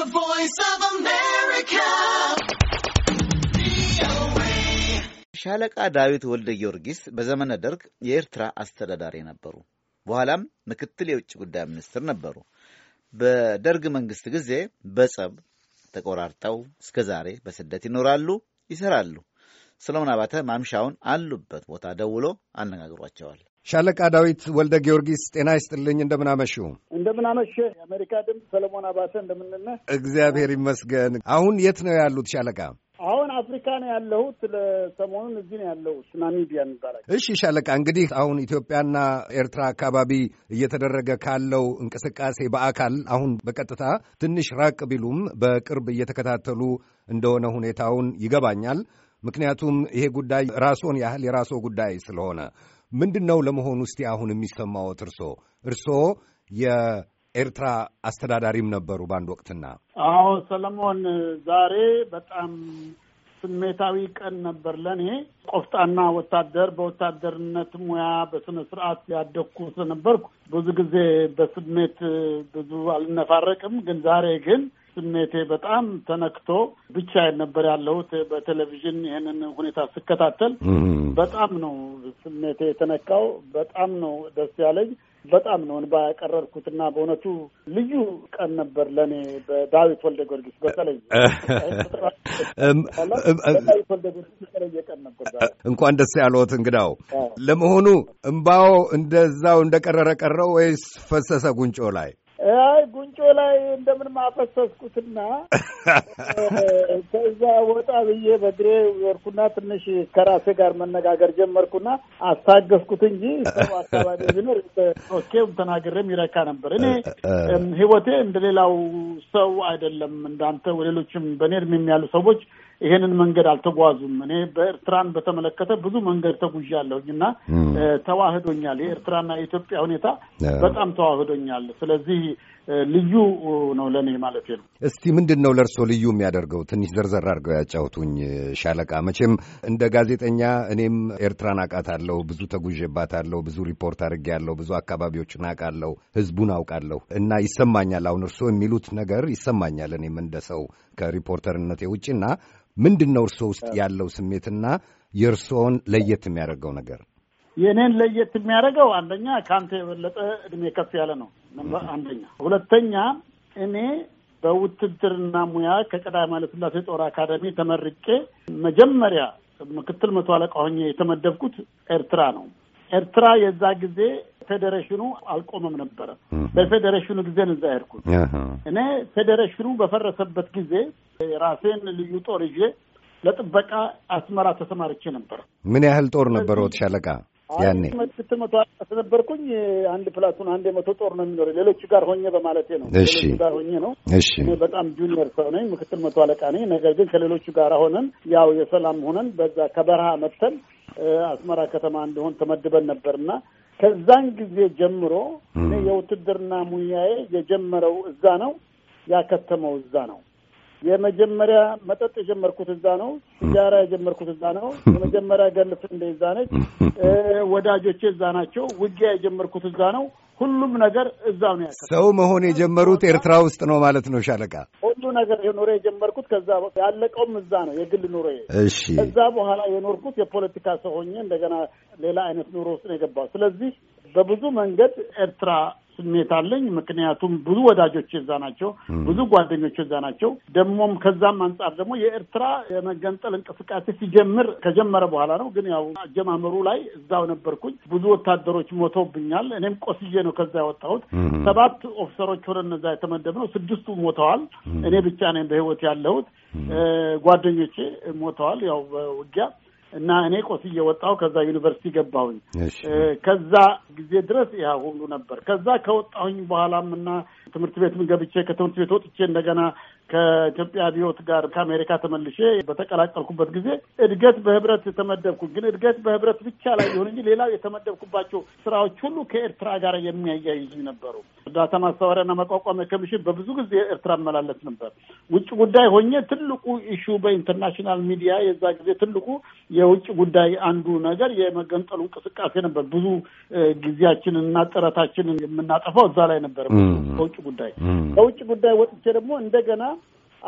The Voice of America. ሻለቃ ዳዊት ወልደ ጊዮርጊስ በዘመነ ደርግ የኤርትራ አስተዳዳሪ ነበሩ። በኋላም ምክትል የውጭ ጉዳይ ሚኒስትር ነበሩ። በደርግ መንግስት ጊዜ በጸብ ተቆራርጠው እስከ ዛሬ በስደት ይኖራሉ፣ ይሰራሉ። ሰለሞን አባተ ማምሻውን አሉበት ቦታ ደውሎ አነጋግሯቸዋል። ሻለቃ ዳዊት ወልደ ጊዮርጊስ ጤና ይስጥልኝ። እንደምናመሹ እንደምናመሽ። የአሜሪካ ድምፅ ሰለሞን አባተ እንደምንነ። እግዚአብሔር ይመስገን። አሁን የት ነው ያሉት ሻለቃ? አሁን አፍሪካ ነው ያለሁት። ለሰሞኑን እዚህ ነው ያለሁት ናሚቢያ የሚባላል። እሺ ሻለቃ፣ እንግዲህ አሁን ኢትዮጵያና ኤርትራ አካባቢ እየተደረገ ካለው እንቅስቃሴ በአካል አሁን በቀጥታ ትንሽ ራቅ ቢሉም በቅርብ እየተከታተሉ እንደሆነ ሁኔታውን ይገባኛል። ምክንያቱም ይሄ ጉዳይ ራስዎን ያህል የራስዎ ጉዳይ ስለሆነ ምንድን ነው ለመሆኑ እስቲ አሁን የሚሰማዎት እርሶ እርሶ የኤርትራ አስተዳዳሪም ነበሩ በአንድ ወቅትና? አዎ ሰለሞን፣ ዛሬ በጣም ስሜታዊ ቀን ነበር ለእኔ። ቆፍጣና ወታደር በወታደርነት ሙያ በስነ ስርዓት ያደግኩ ስለነበርኩ ብዙ ጊዜ በስሜት ብዙ አልነፋረቅም። ግን ዛሬ ግን ስሜቴ በጣም ተነክቶ ብቻዬን ነበር ያለሁት። በቴሌቪዥን ይህንን ሁኔታ ስከታተል በጣም ነው ስሜቴ የተነካው። በጣም ነው ደስ ያለኝ። በጣም ነው እንባ ያቀረርኩትና በእውነቱ ልዩ ቀን ነበር ለእኔ በዳዊት ወልደ ጊዮርጊስ በተለይ ዳዊት ወልደ ጊዮርጊስ የተለየ ቀን ነበር። እንኳን ደስ ያለዎት እንግዳው። ለመሆኑ እምባው እንደዛው እንደቀረረ ቀረው ወይስ ፈሰሰ ጉንጮ ላይ? አይ ጉንጮ ላይ እንደምን ማፈሰስኩትና ከዛ ወጣ ብዬ በእግሬ ወርኩና ትንሽ ከራሴ ጋር መነጋገር ጀመርኩና አስታገስኩት እንጂ ሰው አካባቢ ቢኖር ኦኬ ተናግሬም ይረካ ነበር። እኔ ህይወቴ እንደሌላው ሰው አይደለም። እንዳንተ ወሌሎችም በእኔ እድሜ ያሉ ሰዎች ይሄንን መንገድ አልተጓዙም። እኔ በኤርትራን በተመለከተ ብዙ መንገድ ተጉዣለሁኝ እና ተዋህዶኛል። የኤርትራና የኢትዮጵያ ሁኔታ በጣም ተዋህዶኛል። ስለዚህ ልዩ ነው ለእኔ ማለት ነው። እስቲ ምንድን ነው ለእርሶ ልዩ የሚያደርገው? ትንሽ ዘርዘር አድርገው ያጫውቱኝ ሻለቃ። መቼም እንደ ጋዜጠኛ እኔም ኤርትራን አውቃታለሁ፣ ብዙ ተጉዤባታለሁ፣ ብዙ ሪፖርት አድርጌያለሁ፣ ብዙ አካባቢዎችን አውቃለሁ፣ ህዝቡን አውቃለሁ እና ይሰማኛል። አሁን እርሶ የሚሉት ነገር ይሰማኛል እኔም እንደ ሰው ከሪፖርተርነቴ ውጭ እና ምንድን ነው እርሶ ውስጥ ያለው ስሜትና የእርስዎን ለየት የሚያደርገው ነገር? የእኔን ለየት የሚያደርገው አንደኛ ከአንተ የበለጠ እድሜ ከፍ ያለ ነው። አንደኛ። ሁለተኛ እኔ በውትድርና ሙያ ከቀዳማዊ ኃይለ ሥላሴ ጦር አካዳሚ ተመርቄ መጀመሪያ ምክትል መቶ አለቃ ሆኜ የተመደብኩት ኤርትራ ነው። ኤርትራ የዛ ጊዜ ፌዴሬሽኑ አልቆመም ነበረ። በፌዴሬሽኑ ጊዜ እዛ ሄድኩት። እኔ ፌዴሬሽኑ በፈረሰበት ጊዜ የራሴን ልዩ ጦር ይዤ ለጥበቃ አስመራ ተሰማርቼ ነበር። ምን ያህል ጦር ነበረ ሻለቃ ያኔ መቶ ነበርኩኝ። አንድ ፕላቱን አንድ የመቶ ጦር ነው የሚኖረ ሌሎቹ ጋር ሆኜ በማለት ነው። ሌሎቹ ጋር ሆኜ ነው። እሺ በጣም ጁኒየር ሰው ነኝ፣ ምክትል መቶ አለቃ ነኝ። ነገር ግን ከሌሎቹ ጋር ሆነን ያው የሰላም ሆነን በዛ ከበረሃ መጥተን አስመራ ከተማ እንደሆን ተመድበን ነበርና ከዛን ጊዜ ጀምሮ የውትድርና ሙያዬ የጀመረው እዛ ነው፣ ያከተመው እዛ ነው። የመጀመሪያ መጠጥ የጀመርኩት እዛ ነው። ሲጋራ የጀመርኩት እዛ ነው። የመጀመሪያ ገልፍ እንደ እዛ ነች። ወዳጆቼ እዛ ናቸው። ውጊያ የጀመርኩት እዛ ነው። ሁሉም ነገር እዛ ነው ያ ሰው መሆን የጀመሩት ኤርትራ ውስጥ ነው ማለት ነው ሻለቃ። ሁሉ ነገር የኖሬ የጀመርኩት ከዛ ያለቀውም እዛ ነው የግል ኑሮ። እሺ እዛ በኋላ የኖርኩት የፖለቲካ ሰው ሆኜ እንደገና ሌላ አይነት ኑሮ ውስጥ ነው የገባው። ስለዚህ በብዙ መንገድ ኤርትራ ስሜት አለኝ። ምክንያቱም ብዙ ወዳጆች የዛ ናቸው፣ ብዙ ጓደኞች የዛ ናቸው። ደግሞም ከዛም አንጻር ደግሞ የኤርትራ የመገንጠል እንቅስቃሴ ሲጀምር ከጀመረ በኋላ ነው። ግን ያው አጀማመሩ ላይ እዛው ነበርኩኝ። ብዙ ወታደሮች ሞተውብኛል። እኔም ቆስዬ ነው ከዛ ያወጣሁት። ሰባት ኦፊሰሮች ወደ እነዛ የተመደብነው ስድስቱ ሞተዋል። እኔ ብቻ ነኝ በህይወት ያለሁት። ጓደኞቼ ሞተዋል ያው ውጊያ እና እኔ ቆስ ወጣሁ። ከዛ ዩኒቨርሲቲ ገባሁኝ። ከዛ ጊዜ ድረስ ያ ሁሉ ነበር። ከዛ ከወጣሁኝ በኋላም እና ትምህርት ቤትም ገብቼ ከትምህርት ቤት ወጥቼ እንደገና ከኢትዮጵያ አብዮት ጋር ከአሜሪካ ተመልሼ በተቀላቀልኩበት ጊዜ እድገት በህብረት የተመደብኩ ግን እድገት በህብረት ብቻ ላይ ይሁን እንጂ ሌላው የተመደብኩባቸው ስራዎች ሁሉ ከኤርትራ ጋር የሚያያይዙ ነበሩ። እርዳታ ማስተባበሪያና መቋቋሚያ ኮሚሽን በብዙ ጊዜ ኤርትራ መላለስ ነበር። ውጭ ጉዳይ ሆኜ ትልቁ ኢሹ በኢንተርናሽናል ሚዲያ የዛ ጊዜ ትልቁ የውጭ ጉዳይ አንዱ ነገር የመገንጠሉ እንቅስቃሴ ነበር። ብዙ ጊዜያችንንና ጥረታችንን የምናጠፋው እዛ ላይ ነበር ከውጭ ጉዳይ ከውጭ ጉዳይ ወጥቼ ደግሞ እንደገና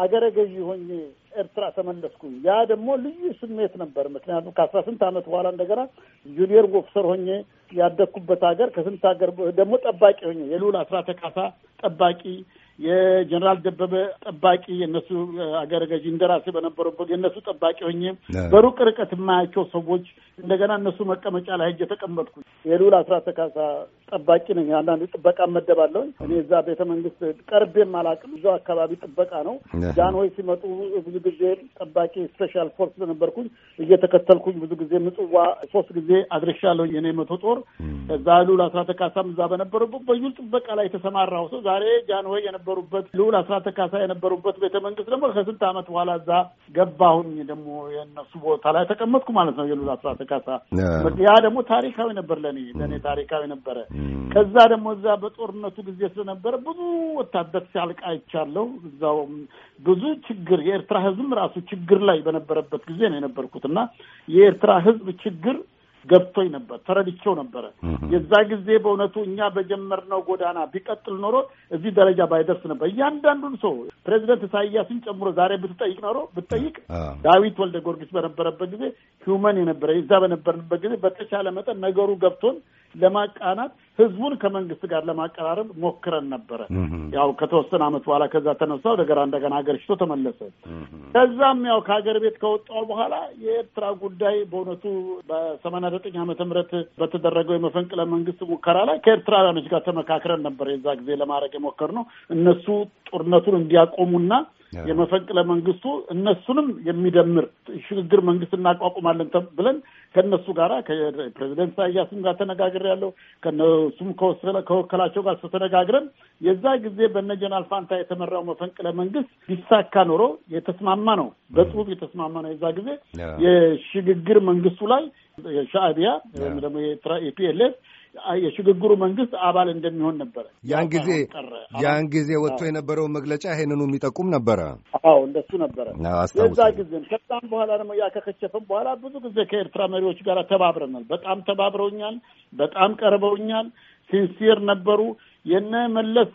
አገረ ገዢ ሆኜ ኤርትራ ተመለስኩኝ። ያ ደግሞ ልዩ ስሜት ነበር። ምክንያቱም ከአስራ ስንት ዓመት በኋላ እንደገና ጁኒየር ኦፊሰር ሆኜ ያደግኩበት ሀገር ከስንት ሀገር ደግሞ ጠባቂ ሆኜ የልዑል አስራተ ካሳ ጠባቂ የጀኔራል ደበበ ጠባቂ የነሱ አገረ ገዥ እንደራሴ በነበረበት የእነሱ ጠባቂ ሆኜ በሩቅ ርቀት የማያቸው ሰዎች እንደገና እነሱ መቀመጫ ላይ ሄጄ ተቀመጥኩ። የልዑል አስራት ካሳ ጠባቂ ነኝ። አንዳንድ ጥበቃ መደባለሁ። እኔ እዛ ቤተ መንግስት ቀርቤም አላውቅም። ብዙ አካባቢ ጥበቃ ነው። ጃንሆይ ሲመጡ ብዙ ጊዜ ጠባቂ ስፔሻል ፎርስ በነበርኩኝ እየተከተልኩኝ ብዙ ጊዜ ምጽዋ ሶስት ጊዜ አድርሻለሁ። የኔ መቶ ጦር እዛ ልዑል አስራት ካሳም እዛ በነበረበት በዩል ጥበቃ ላይ የተሰማራው ሰው ዛሬ ጃንሆይ የነበሩበት ልዑል አስራተ ካሳ የነበሩበት ቤተ መንግስት ደግሞ ከስንት ዓመት በኋላ እዛ ገባሁኝ ደግሞ የነሱ ቦታ ላይ ተቀመጥኩ ማለት ነው። የልዑል አስራት ካሳ ያ ደግሞ ታሪካዊ ነበር ለእኔ ለእኔ ታሪካዊ ነበረ። ከዛ ደግሞ እዛ በጦርነቱ ጊዜ ስለነበረ ብዙ ወታደር ሲያልቅ አይቻለሁ። እዛው ብዙ ችግር የኤርትራ ህዝብም ራሱ ችግር ላይ በነበረበት ጊዜ ነው የነበርኩት እና የኤርትራ ህዝብ ችግር ገብቶኝ ነበር፣ ተረድቼው ነበረ። የዛ ጊዜ በእውነቱ እኛ በጀመርነው ጎዳና ቢቀጥል ኖሮ እዚህ ደረጃ ባይደርስ ነበር። እያንዳንዱን ሰው ፕሬዚደንት ኢሳያስን ጨምሮ ዛሬ ብትጠይቅ ኖሮ ብትጠይቅ ዳዊት ወልደ ጊዮርጊስ በነበረበት ጊዜ ሂውመን የነበረ የዛ በነበርንበት ጊዜ በተቻለ መጠን ነገሩ ገብቶን ለማቃናት ህዝቡን ከመንግስት ጋር ለማቀራረብ ሞክረን ነበረ። ያው ከተወሰነ ዓመት በኋላ ከዛ ተነሳ ወደ ገራ እንደገና ሀገር ሽቶ ተመለሰ። ከዛም ያው ከሀገር ቤት ከወጣው በኋላ የኤርትራ ጉዳይ በእውነቱ በሰማንያ ዘጠኝ ዓመተ ምህረት በተደረገው የመፈንቅለ መንግስት ሙከራ ላይ ከኤርትራውያኖች ጋር ተመካክረን ነበር የዛ ጊዜ ለማድረግ የሞከርነው እነሱ ጦርነቱን እንዲያቆሙና የመፈንቅለ መንግስቱ እነሱንም የሚደምር ሽግግር መንግስት እናቋቁማለን ብለን ከእነሱ ጋር ከፕሬዚደንት ሳያስም ጋር ያለው ከነሱም ከወከላቸው ጋር ተነጋግረን የዛ ጊዜ በነ ጀነራል ፋንታ የተመራው መፈንቅለ መንግስት ቢሳካ ኖሮ የተስማማ ነው፣ በጽሁፍ የተስማማ ነው። የዛ ጊዜ የሽግግር መንግስቱ ላይ የሻእቢያ ወይም ደግሞ የፒኤልኤፍ የሽግግሩ መንግስት አባል እንደሚሆን ነበረ። ያን ጊዜ ያን ጊዜ ወጥቶ የነበረው መግለጫ ይሄንኑ የሚጠቁም ነበረ። አዎ እንደሱ ነበረ የዛ ጊዜም። ከዛም በኋላ ደግሞ ያ ከከሸፈም በኋላ ብዙ ጊዜ ከኤርትራ መሪዎች ጋር ተባብረናል። በጣም ተባብረውኛል። በጣም ቀርበውኛል። ሲንሲር ነበሩ። የነ መለስ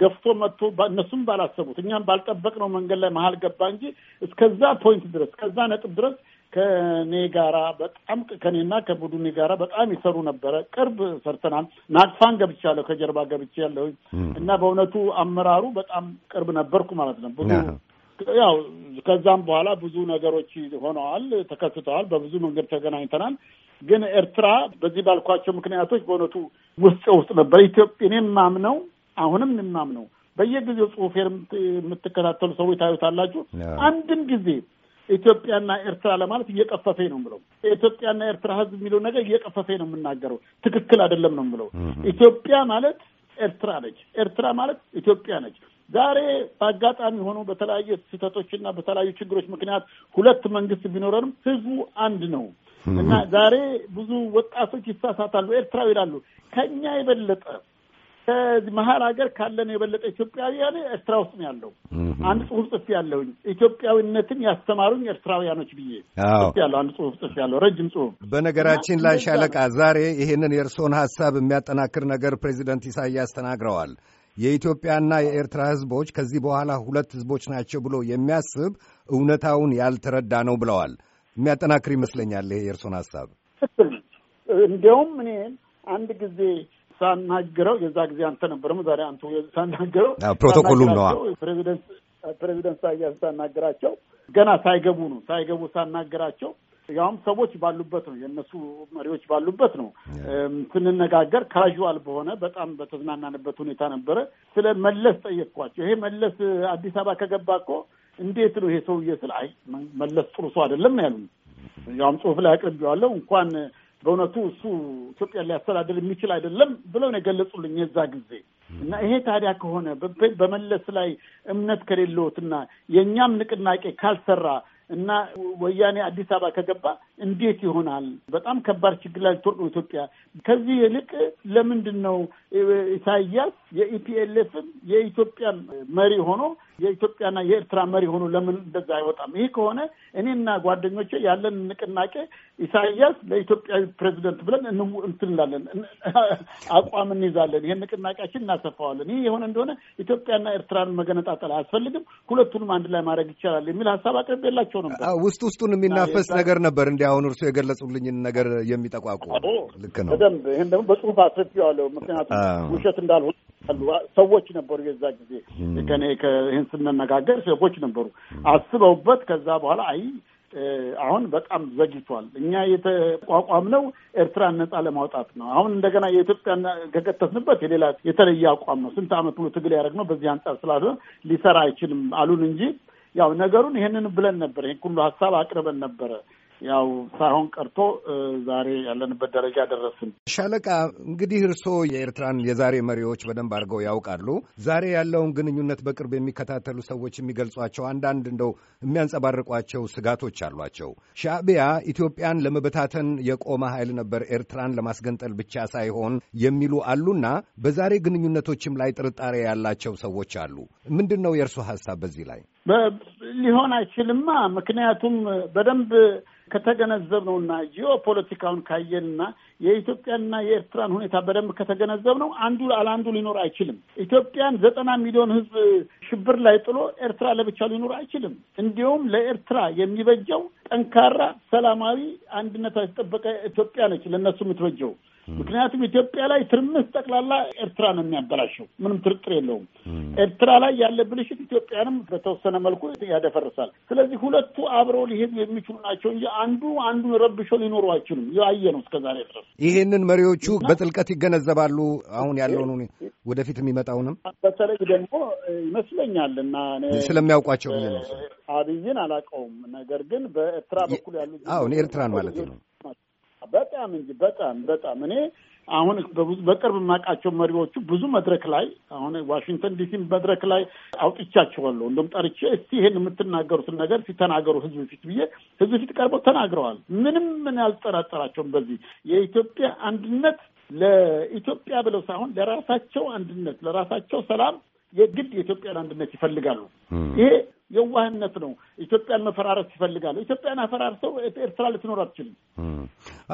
ገፍቶ መጥቶ እነሱም ባላሰቡት እኛም ባልጠበቅነው መንገድ ላይ መሀል ገባ እንጂ እስከዛ ፖይንት ድረስ እስከዛ ነጥብ ድረስ ከኔ ጋራ በጣም ከኔና ከቡድኔ ጋራ በጣም ይሰሩ ነበረ። ቅርብ ሰርተናል። ናቅፋን ገብቻለሁ፣ ከጀርባ ገብቼ ያለሁ እና በእውነቱ አመራሩ በጣም ቅርብ ነበርኩ ማለት ነው። ብዙ ያው ከዛም በኋላ ብዙ ነገሮች ሆነዋል፣ ተከስተዋል። በብዙ መንገድ ተገናኝተናል። ግን ኤርትራ በዚህ ባልኳቸው ምክንያቶች በእውነቱ ውስጥ ውስጥ ነበር። ኢትዮጵያ እኔም ማምነው አሁንም የማምነው በየጊዜው ጽሁፌር የምትከታተሉ ሰዎች ታዩታላችሁ አንድም ጊዜ ኢትዮጵያና ኤርትራ ለማለት እየቀፈፌ ነው የምለው። ኢትዮጵያና ኤርትራ ህዝብ የሚለው ነገር እየቀፈፌ ነው የምናገረው። ትክክል አይደለም ነው የምለው። ኢትዮጵያ ማለት ኤርትራ ነች። ኤርትራ ማለት ኢትዮጵያ ነች። ዛሬ በአጋጣሚ ሆኖ በተለያየ ስህተቶችና በተለያዩ ችግሮች ምክንያት ሁለት መንግስት ቢኖረንም ህዝቡ አንድ ነው እና ዛሬ ብዙ ወጣቶች ይሳሳታሉ። ኤርትራው ይላሉ። ከኛ የበለጠ ከዚህ መሀል ሀገር ካለን የበለጠ ኢትዮጵያውያን ኤርትራ ውስጥ ነው ያለው። አንድ ጽሁፍ ጽፍ ያለውኝ ኢትዮጵያዊነትን ያስተማሩኝ ኤርትራውያኖች ብዬ ያለው አንድ ጽሁፍ ጽፍ ያለው ረጅም ጽሁፍ። በነገራችን ላይ ሻለቃ ዛሬ ይህንን የእርስዎን ሀሳብ የሚያጠናክር ነገር ፕሬዚደንት ኢሳያስ ተናግረዋል። የኢትዮጵያና የኤርትራ ህዝቦች ከዚህ በኋላ ሁለት ህዝቦች ናቸው ብሎ የሚያስብ እውነታውን ያልተረዳ ነው ብለዋል። የሚያጠናክር ይመስለኛል ይሄ የእርስዎን ሀሳብ። እንዲያውም እኔ አንድ ጊዜ ሳናግረው የዛ ጊዜ አንተ ነበር ዛሬ አንተ ሳናግረው ፕሮቶኮሉም ነዋ ፕሬዚደንት ፕሬዚደንት ሳናግራቸው ገና ሳይገቡ ነው ሳይገቡ ሳናግራቸው ያውም ሰዎች ባሉበት ነው የእነሱ መሪዎች ባሉበት ነው ስንነጋገር ካዥዋል በሆነ በጣም በተዝናናንበት ሁኔታ ነበረ። ስለ መለስ ጠየቅኳቸው። ይሄ መለስ አዲስ አበባ ከገባ እኮ እንዴት ነው ይሄ ሰውዬ ስል አይ መለስ ጥሩ ሰው አይደለም ያሉ ያውም ጽሁፍ ላይ አቅርቢዋለሁ እንኳን በእውነቱ እሱ ኢትዮጵያ ሊያስተዳድር የሚችል አይደለም ብለው ነው የገለጹልኝ የዛ ጊዜ። እና ይሄ ታዲያ ከሆነ በመለስ ላይ እምነት ከሌለዎትና የእኛም ንቅናቄ ካልሰራ እና ወያኔ አዲስ አበባ ከገባ እንዴት ይሆናል? በጣም ከባድ ችግር ላይ ልትወርቅ ነው ኢትዮጵያ። ከዚህ ይልቅ ለምንድን ነው ኢሳያስ የኢፒኤልኤፍን የኢትዮጵያ መሪ ሆኖ የኢትዮጵያና የኤርትራ መሪ ሆኑ ለምን እንደዛ አይወጣም? ይህ ከሆነ እኔና ጓደኞቼ ያለን ንቅናቄ ኢሳያስ ለኢትዮጵያዊ ፕሬዚደንት ብለን እንትንላለን፣ አቋም እንይዛለን። ይህን ንቅናቄያችን እናሰፋዋለን። ይህ የሆነ እንደሆነ ኢትዮጵያና ኤርትራን መገነጣጠል አያስፈልግም፣ ሁለቱንም አንድ ላይ ማድረግ ይቻላል የሚል ሀሳብ አቅርቤላቸው ነበር። ውስጥ ውስጡን የሚናፈስ ነገር ነበር። እንዲ አሁን እርሱ የገለጹልኝን ነገር የሚጠቋቁ ልክ ነው በደንብ ይህን ደግሞ በጽሁፍ አስረፊዋለሁ። ምክንያቱም ውሸት እንዳልሆነ ሰዎች ነበሩ የዛ ጊዜ ከኔ ይህን ስንነጋገር ሴፎች ነበሩ አስበውበት ከዛ በኋላ አይ አሁን በጣም ዘግይቷል። እኛ የተቋቋምነው ኤርትራን ነጻ ለማውጣት ነው። አሁን እንደገና የኢትዮጵያን ከቀተትንበት የሌላ የተለየ አቋም ነው። ስንት ዓመት ሙሉ ትግል ያደረግነው በዚህ አንጻር ስላልሆነ ሊሰራ አይችልም አሉን እንጂ ያው ነገሩን ይሄንን ብለን ነበር። ይህን ሁሉ ሀሳብ አቅርበን ነበረ። ያው ሳይሆን ቀርቶ ዛሬ ያለንበት ደረጃ ደረስን። ሻለቃ እንግዲህ እርስዎ የኤርትራን የዛሬ መሪዎች በደንብ አድርገው ያውቃሉ። ዛሬ ያለውን ግንኙነት በቅርብ የሚከታተሉ ሰዎች የሚገልጿቸው አንዳንድ እንደው የሚያንጸባርቋቸው ስጋቶች አሏቸው። ሻዕቢያ ኢትዮጵያን ለመበታተን የቆመ ኃይል ነበር፣ ኤርትራን ለማስገንጠል ብቻ ሳይሆን የሚሉ አሉና በዛሬ ግንኙነቶችም ላይ ጥርጣሬ ያላቸው ሰዎች አሉ። ምንድን ነው የእርስዎ ሀሳብ በዚህ ላይ? ሊሆን አይችልማ። ምክንያቱም በደንብ ከተገነዘብነውና ጂኦ ፖለቲካውን ካየንና የኢትዮጵያና የኤርትራን ሁኔታ በደንብ ከተገነዘብነው አንዱ አላንዱ ሊኖር አይችልም። ኢትዮጵያን ዘጠና ሚሊዮን ህዝብ ሽብር ላይ ጥሎ ኤርትራ ለብቻ ሊኖር አይችልም። እንዲሁም ለኤርትራ የሚበጀው ጠንካራ ሰላማዊ አንድነት የተጠበቀ ኢትዮጵያ ነች። ለእነሱ የምትበጀው ምክንያቱም ኢትዮጵያ ላይ ትርምስ ጠቅላላ ኤርትራ ነው የሚያበላሸው። ምንም ጥርጥር የለውም። ኤርትራ ላይ ያለ ብልሽት ኢትዮጵያንም በተወሰነ መልኩ ያደፈርሳል። ስለዚህ ሁለቱ አብረው ሊሄዱ የሚችሉ ናቸው እንጂ አንዱ አንዱ ረብሾ ሊኖሩ አይችሉም። ያየ ነው እስከዛሬ ድረስ። ይሄንን መሪዎቹ በጥልቀት ይገነዘባሉ። አሁን ያለውን ወደፊት የሚመጣውንም በተለይ ደግሞ ይመስለኛል እና ስለሚያውቋቸው ነው። አብይን አላውቀውም፣ ነገር ግን በኤርትራ በኩል ያሉ አሁን ኤርትራን ማለት ነው በጣም እንጂ በጣም በጣም እኔ አሁን በቅርብ የማውቃቸው መሪዎቹ ብዙ መድረክ ላይ አሁን ዋሽንግተን ዲሲ መድረክ ላይ አውጥቻቸዋለሁ። እንደውም ጠርቼ እስቲ ይሄን የምትናገሩትን ነገር ሲተናገሩ ህዝብ ፊት ብዬ ህዝብ ፊት ቀርበው ተናግረዋል። ምንም ምን ያልጠራጠራቸውም በዚህ የኢትዮጵያ አንድነት ለኢትዮጵያ ብለው ሳይሆን ለራሳቸው አንድነት፣ ለራሳቸው ሰላም የግድ የኢትዮጵያን አንድነት ይፈልጋሉ። ይሄ የዋህነት ነው። ኢትዮጵያን መፈራረስ ይፈልጋሉ። ኢትዮጵያን አፈራርሰው ኤርትራ ልትኖር አትችልም።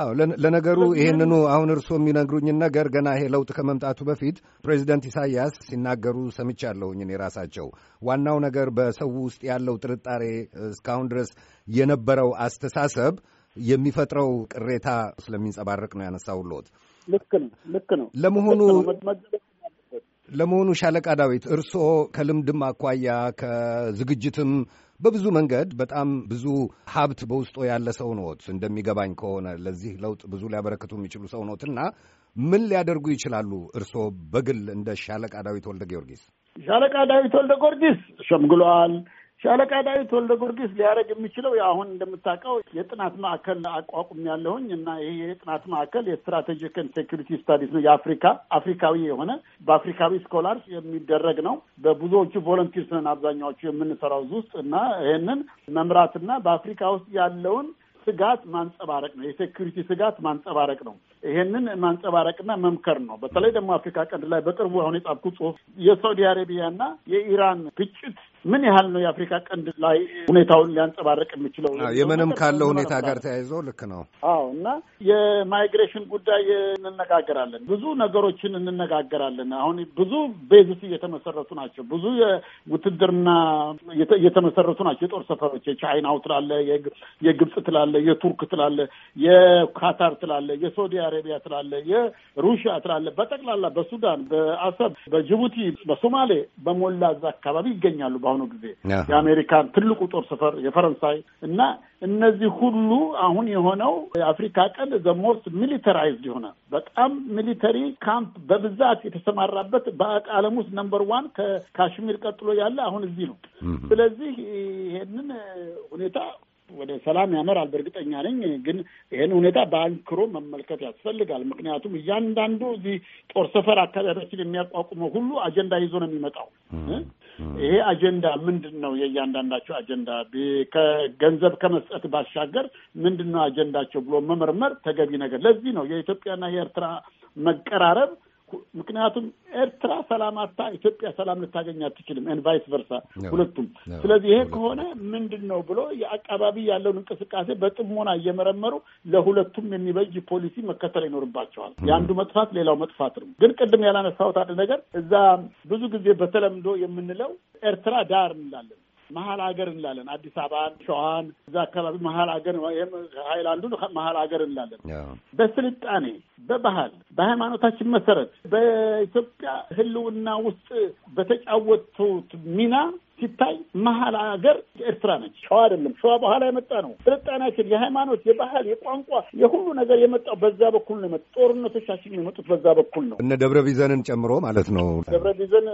አዎ፣ ለነገሩ ይህንኑ አሁን እርስዎ የሚነግሩኝን ነገር ገና ይሄ ለውጥ ከመምጣቱ በፊት ፕሬዚደንት ኢሳያስ ሲናገሩ ሰምቻለሁኝ እኔ ራሳቸው። ዋናው ነገር በሰው ውስጥ ያለው ጥርጣሬ እስካሁን ድረስ የነበረው አስተሳሰብ የሚፈጥረው ቅሬታ ስለሚንጸባረቅ ነው ያነሳው። ልክ ነው፣ ልክ ነው። ለመሆኑ ለመሆኑ ሻለቃ ዳዊት እርስዎ ከልምድም አኳያ ከዝግጅትም በብዙ መንገድ በጣም ብዙ ሀብት በውስጡ ያለ ሰው ኖት፣ እንደሚገባኝ ከሆነ ለዚህ ለውጥ ብዙ ሊያበረክቱ የሚችሉ ሰው እና ምን ሊያደርጉ ይችላሉ እርስዎ በግል እንደ ሻለቃ ዳዊት ወልደ ጊዮርጊስ? ሻለቃ ዳዊት ወልደ ጊዮርጊስ ሸምግሏል፣ ሻለቃ ዳዊት ወልደ ጊዮርጊስ ሊያደረግ የሚችለው አሁን እንደምታውቀው የጥናት ማዕከል አቋቁም ያለሁኝ እና ይህ የጥናት ማዕከል የስትራቴጂክን ሴኪሪቲ ስታዲስ ነው። የአፍሪካ አፍሪካዊ የሆነ በአፍሪካዊ ስኮላርስ የሚደረግ ነው። በብዙዎቹ ቮለንቲርስ ነን አብዛኛዎቹ የምንሰራው ውስጥ እና ይህንን መምራትና በአፍሪካ ውስጥ ያለውን ስጋት ማንጸባረቅ ነው። የሴኪሪቲ ስጋት ማንጸባረቅ ነው። ይሄንን ማንጸባረቅና መምከር ነው። በተለይ ደግሞ አፍሪካ ቀንድ ላይ በቅርቡ አሁን የጻፍኩት ጽሁፍ የሳውዲ አረቢያና የኢራን ግጭት ምን ያህል ነው የአፍሪካ ቀንድ ላይ ሁኔታውን ሊያንጸባርቅ የሚችለው? የምንም ካለው ሁኔታ ጋር ተያይዞ ልክ ነው። አዎ እና የማይግሬሽን ጉዳይ እንነጋገራለን፣ ብዙ ነገሮችን እንነጋገራለን። አሁን ብዙ ቤዝስ እየተመሰረቱ ናቸው። ብዙ የውትድርና እየተመሰረቱ ናቸው። የጦር ሰፈሮች የቻይናው ትላለ፣ የግብፅ ትላለ፣ የቱርክ ትላለ፣ የካታር ትላለ፣ የሳውዲ አረቢያ ትላለ፣ የሩሽያ ትላለ፣ በጠቅላላ በሱዳን፣ በአሰብ፣ በጅቡቲ፣ በሶማሌ በሞላ እዛ አካባቢ ይገኛሉ። በአሁኑ ጊዜ የአሜሪካን ትልቁ ጦር ሰፈር የፈረንሳይ እና እነዚህ ሁሉ አሁን የሆነው የአፍሪካ ቀንድ ዘሞስት ሚሊተራይዝድ የሆነ በጣም ሚሊተሪ ካምፕ በብዛት የተሰማራበት በዓለም ውስጥ ነምበር ዋን ከካሽሚር ቀጥሎ ያለ አሁን እዚህ ነው። ስለዚህ ይሄንን ሁኔታ ወደ ሰላም ያመራል በእርግጠኛ ነኝ። ግን ይህን ሁኔታ በአንክሮ መመልከት ያስፈልጋል። ምክንያቱም እያንዳንዱ እዚህ ጦር ሰፈር አካባቢያችን የሚያቋቁመው ሁሉ አጀንዳ ይዞ ነው የሚመጣው። ይሄ አጀንዳ ምንድን ነው? የእያንዳንዳቸው አጀንዳ ከገንዘብ ከመስጠት ባሻገር ምንድን ነው አጀንዳቸው ብሎ መመርመር ተገቢ ነገር። ለዚህ ነው የኢትዮጵያና የኤርትራ መቀራረብ ምክንያቱም ኤርትራ ሰላም አታ ኢትዮጵያ ሰላም ልታገኝ አትችልም፣ ኤንቫይስ ቨርሳ ሁለቱም። ስለዚህ ይሄ ከሆነ ምንድን ነው ብሎ የአካባቢ ያለውን እንቅስቃሴ በጥሞና እየመረመሩ ለሁለቱም የሚበጅ ፖሊሲ መከተል ይኖርባቸዋል። የአንዱ መጥፋት ሌላው መጥፋት ነው። ግን ቅድም ያላነሳሁት አንድ ነገር እዛ ብዙ ጊዜ በተለምዶ የምንለው ኤርትራ ዳር እንላለን መሀል አገር እንላለን። አዲስ አበባን፣ ሸዋን እዛ አካባቢ መሀል አገር ይህም ሀይል አንዱ መሀል አገር እንላለን። በስልጣኔ በባህል በሃይማኖታችን መሰረት በኢትዮጵያ ህልውና ውስጥ በተጫወቱት ሚና ሲታይ መሀል ሀገር ኤርትራ ነች። ሸዋ አይደለም። ሸዋ በኋላ የመጣ ነው። ስልጣናችን፣ የሃይማኖት፣ የባህል፣ የቋንቋ፣ የሁሉ ነገር የመጣው በዛ በኩል ነው። ጦርነቶቻችን የመጡት በዛ በኩል ነው። እነ ደብረ ቢዘንን ጨምሮ ማለት ነው። ደብረ ቢዘን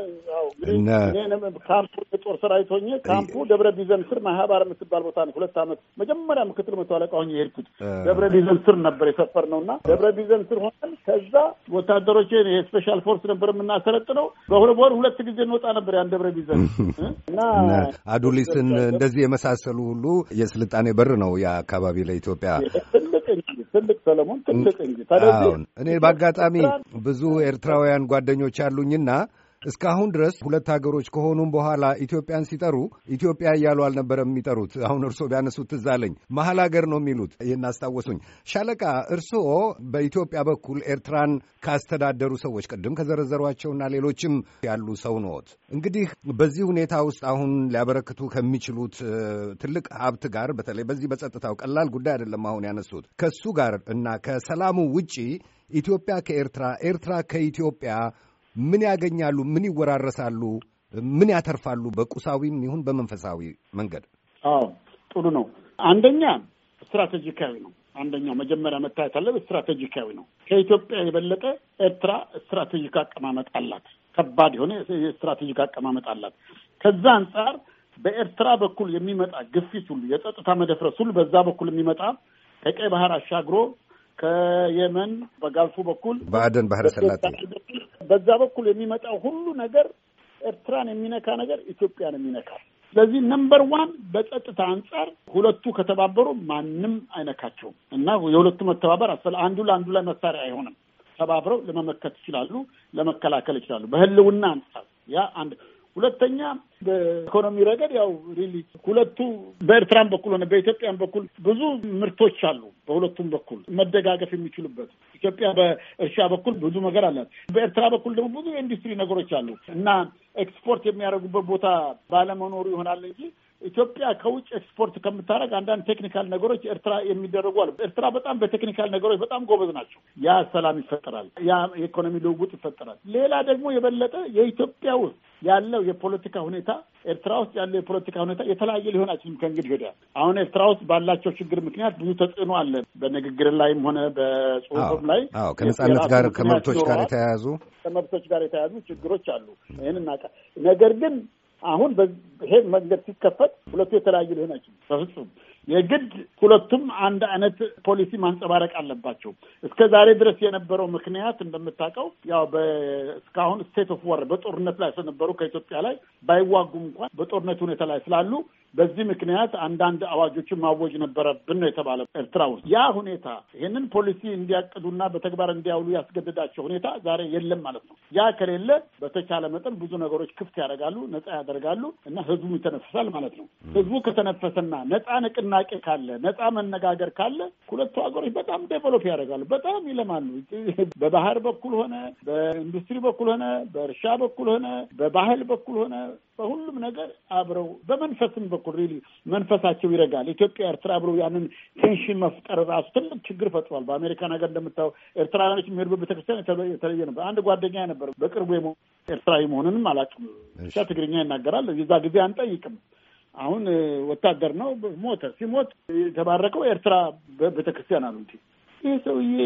ካምፑ የጦር ሰራዊት ሆኜ ካምፑ ደብረ ቢዘን ስር ማህበር የምትባል ቦታ ነው። ሁለት ዓመት መጀመሪያ ምክትል መቶ አለቃ ሆኜ የሄድኩት ደብረ ቢዘን ስር ነበር የሰፈር ነው እና ደብረ ቢዘን ስር ሆነን ከዛ ወታደሮች የስፔሻል ፎርስ ነበር የምናሰለጥነው። በሁለት ሁለት ጊዜ እንወጣ ነበር ያን ደብረ ቢዘን እና አዱሊስን እንደዚህ የመሳሰሉ ሁሉ የስልጣኔ በር ነው ያ አካባቢ ለኢትዮጵያ ትልቅ ሰለሞን ትልቅ እንጂ። እኔ በአጋጣሚ ብዙ ኤርትራውያን ጓደኞች አሉኝና እስካሁን ድረስ ሁለት ሀገሮች ከሆኑም በኋላ ኢትዮጵያን ሲጠሩ ኢትዮጵያ እያሉ አልነበረም የሚጠሩት። አሁን እርስዎ ቢያነሱት ትዝ አለኝ መሀል ሀገር ነው የሚሉት። ይህን አስታወሱኝ። ሻለቃ እርስዎ በኢትዮጵያ በኩል ኤርትራን ካስተዳደሩ ሰዎች ቅድም ከዘረዘሯቸውና ሌሎችም ያሉ ሰው ነዎት። እንግዲህ በዚህ ሁኔታ ውስጥ አሁን ሊያበረክቱ ከሚችሉት ትልቅ ሀብት ጋር በተለይ በዚህ በጸጥታው ቀላል ጉዳይ አይደለም አሁን ያነሱት ከሱ ጋር እና ከሰላሙ ውጪ ኢትዮጵያ ከኤርትራ ኤርትራ ከኢትዮጵያ ምን ያገኛሉ? ምን ይወራረሳሉ? ምን ያተርፋሉ? በቁሳዊም ይሁን በመንፈሳዊ መንገድ። አዎ ጥሩ ነው። አንደኛ ስትራቴጂካዊ ነው። አንደኛው መጀመሪያ መታየት አለበት፣ ስትራቴጂካዊ ነው። ከኢትዮጵያ የበለጠ ኤርትራ ስትራቴጂክ አቀማመጥ አላት። ከባድ የሆነ የስትራቴጂክ አቀማመጥ አላት። ከዛ አንጻር በኤርትራ በኩል የሚመጣ ግፊት ሁሉ፣ የጸጥታ መደፍረስ ሁሉ በዛ በኩል የሚመጣ ከቀይ ባህር አሻግሮ ከየመን በጋልፉ በኩል በአደን ባህረ ሰላጤ በዛ በኩል የሚመጣው ሁሉ ነገር ኤርትራን የሚነካ ነገር ኢትዮጵያን የሚነካ ስለዚህ ነምበር ዋን በጸጥታ አንጻር ሁለቱ ከተባበሩ ማንም አይነካቸውም እና የሁለቱ መተባበር አስፈ አንዱ ለአንዱ ላይ መሳሪያ አይሆንም። ተባብረው ለመመከት ይችላሉ፣ ለመከላከል ይችላሉ። በህልውና አንጻር ያ አንድ ሁለተኛ በኢኮኖሚ ረገድ ያው ሪሊ ሁለቱ በኤርትራም በኩል ሆነ በኢትዮጵያም በኩል ብዙ ምርቶች አሉ። በሁለቱም በኩል መደጋገፍ የሚችሉበት ኢትዮጵያ በእርሻ በኩል ብዙ ነገር አላት። በኤርትራ በኩል ደግሞ ብዙ የኢንዱስትሪ ነገሮች አሉ እና ኤክስፖርት የሚያደርጉበት ቦታ ባለመኖሩ ይሆናል እንጂ ኢትዮጵያ ከውጭ ኤክስፖርት ከምታደረግ አንዳንድ ቴክኒካል ነገሮች ኤርትራ የሚደረጉ አሉ። ኤርትራ በጣም በቴክኒካል ነገሮች በጣም ጎበዝ ናቸው። ያ ሰላም ይፈጠራል። ያ የኢኮኖሚ ልውውጥ ይፈጠራል። ሌላ ደግሞ የበለጠ የኢትዮጵያ ውስጥ ያለው የፖለቲካ ሁኔታ ኤርትራ ውስጥ ያለው የፖለቲካ ሁኔታ የተለያየ ሊሆን አይችልም። ከእንግዲህ ወዲያ አሁን ኤርትራ ውስጥ ባላቸው ችግር ምክንያት ብዙ ተጽዕኖ አለ። በንግግር ላይም ሆነ በጽሁፍም ላይ ከነጻነት ጋር ከመብቶች ጋር የተያያዙ ከመብቶች ጋር የተያያዙ ችግሮች አሉ። ይህን እናቃ ነገር ግን አሁን ይሄ መንገድ ሲከፈት ሁለቱ የተለያዩ ሊሆን አይችሉ በፍጹም የግድ ሁለቱም አንድ አይነት ፖሊሲ ማንጸባረቅ አለባቸው። እስከ ዛሬ ድረስ የነበረው ምክንያት እንደምታውቀው ያው እስካሁን ስቴት ኦፍ ወር በጦርነት ላይ ስለነበሩ ከኢትዮጵያ ላይ ባይዋጉም እንኳን በጦርነት ሁኔታ ላይ ስላሉ በዚህ ምክንያት አንዳንድ አዋጆችን ማወጅ ነበረብን ነው የተባለ። ኤርትራ ውስጥ። ያ ሁኔታ ይህንን ፖሊሲ እንዲያቅዱና በተግባር እንዲያውሉ ያስገድዳቸው ሁኔታ ዛሬ የለም ማለት ነው። ያ ከሌለ በተቻለ መጠን ብዙ ነገሮች ክፍት ያደርጋሉ፣ ነጻ ያደርጋሉ እና ህዝቡ ይተነፍሳል ማለት ነው። ህዝቡ ከተነፈሰና ነጻ ንቅናቄ ካለ፣ ነጻ መነጋገር ካለ ሁለቱ ሀገሮች በጣም ዴቨሎፕ ያደርጋሉ፣ በጣም ይለማሉ። በባህር በኩል ሆነ፣ በኢንዱስትሪ በኩል ሆነ፣ በእርሻ በኩል ሆነ፣ በባህል በኩል ሆነ በሁሉም ነገር አብረው በመንፈስም በኩል ሪሊ መንፈሳቸው ይረጋል። ኢትዮጵያ ኤርትራ አብረው ያንን ቴንሽን መፍጠር ራሱ ትልቅ ችግር ፈጥሯል። በአሜሪካን ሀገር እንደምታው ኤርትራውያኖች የሚሄዱ በቤተክርስቲያን የተለየ ነበር። አንድ ጓደኛ ነበር በቅርቡ ኤርትራዊ መሆንንም አላውቅም፣ ብቻ ትግርኛ ይናገራል። የዛ ጊዜ አንጠይቅም። አሁን ወታደር ነው ሞተ። ሲሞት የተባረከው ኤርትራ ቤተክርስቲያን አሉ። ይህ ሰውዬ